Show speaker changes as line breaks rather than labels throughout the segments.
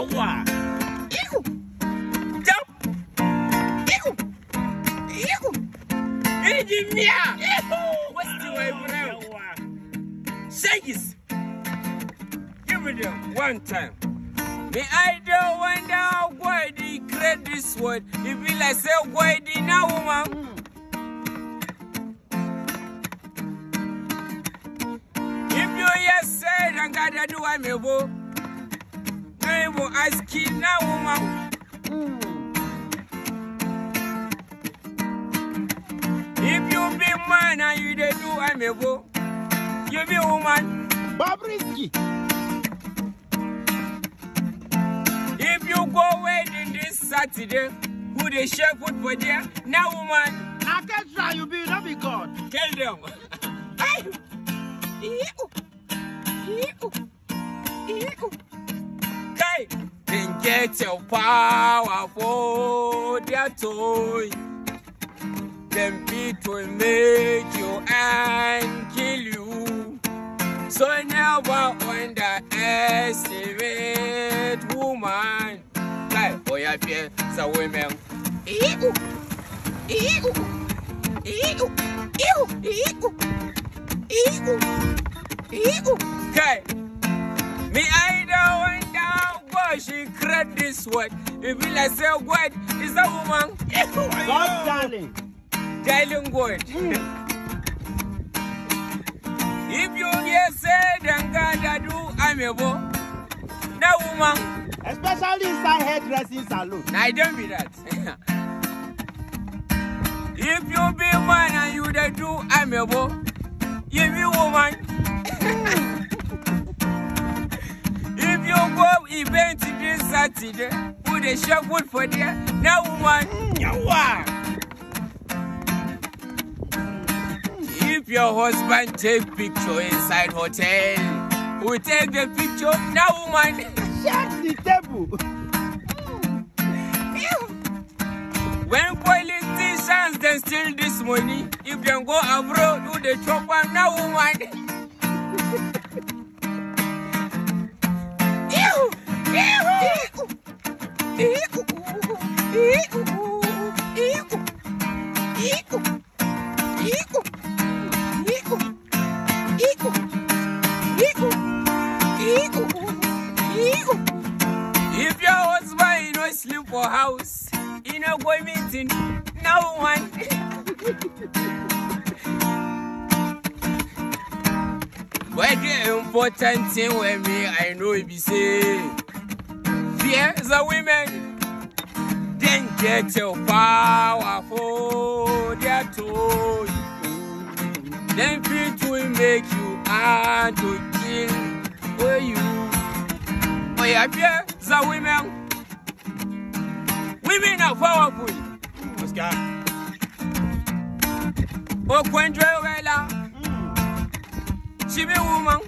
Yawa! Ihu! Jump! Ihu! Ihu! Engineer! Ihu! What's the way around? it! to one time. Me I don't wonder why they create this word. It be like say why the now woman. If you yes say, don't gotta do what me Honorable Aski Nauma. If you be man and you dey do amebo, you be woman. risky. If you go wedding this Saturday, who dey share food for there? Now woman. I can't try you be not God. Tell them. hey. Ew. Ew. Ew. Get your power for their toy. Them beat will make you and kill you. So never underestimate woman. Life for oh, your fear, the women. Ew. Ew. Ew. Ew. Ew. Ew. Ew. Okay. Me, I heard this word. It be like say word is a woman. God darling. Darling word. if you hear say then God I do I'm a woman. That woman. Especially inside hairdressing salon. Nah, I don't be that. if you be man and you the do I'm a woman. You be woman. if you go event every Saturday. Put a shop wood for there. Now woman, If your husband take picture inside hotel, we take the picture. Now woman, shut the table. When politicians they steal this money, if you go abroad, do the chop now woman. for house. You know, go meeting. No one. But the important thing with me, I know it be say, fear the women, then get your powerful, they're told Then feet will make you hard to kill for oh, you. But oh, yeah, fear the women. We Women are powerful. Oscar. Okwendwe Orela. Chibi woman.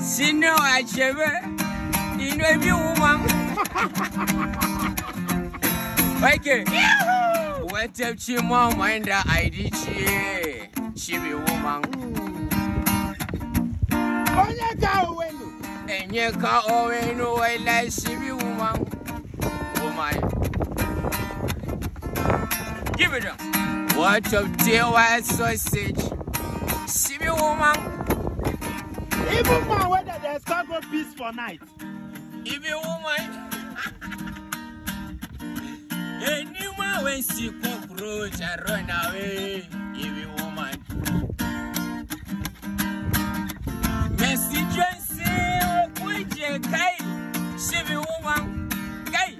Sino Achebe. Inebi woman. Okay. Wetem chimo mwenda aidichie. Chibi woman. Onye ka uwenu. enye ka owe no wai lai sibi woman woman give it up what of dear white sausage sibi woman even man whether there's cargo peace for night ibi woman any man when she cockroach and run away ibi woman ai hey, Civil Woman, Ai,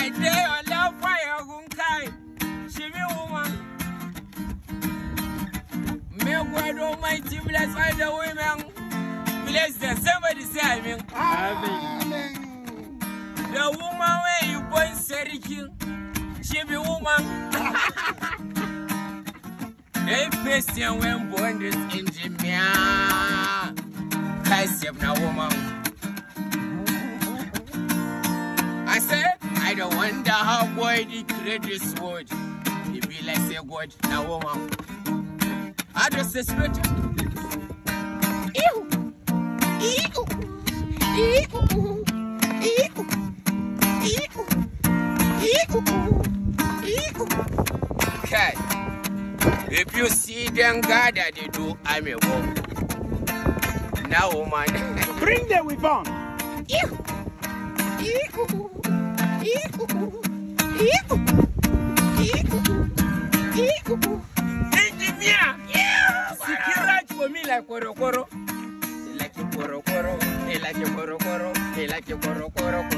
I dare your love fire, Gunkai, Civil Woman. May God Almighty bless all the women. Bless them. Somebody say, I mean, Amen. The woman where you born, Serikin, she be woman. Hey, patient when born this engineer. Christ, na woman. I said, I don't wonder how boy he create this world. He be like say God, na woman. I just suspect. Ew. Ew. Ew. Ew. Ew. Ew. Ew. Okay. If you see them that they do I'm a wolf. Now, woman, Bring the weapon. Engineer, yeah, secure that for me like Korokoro. Like Korokoro, like Korokoro, like Korokoro.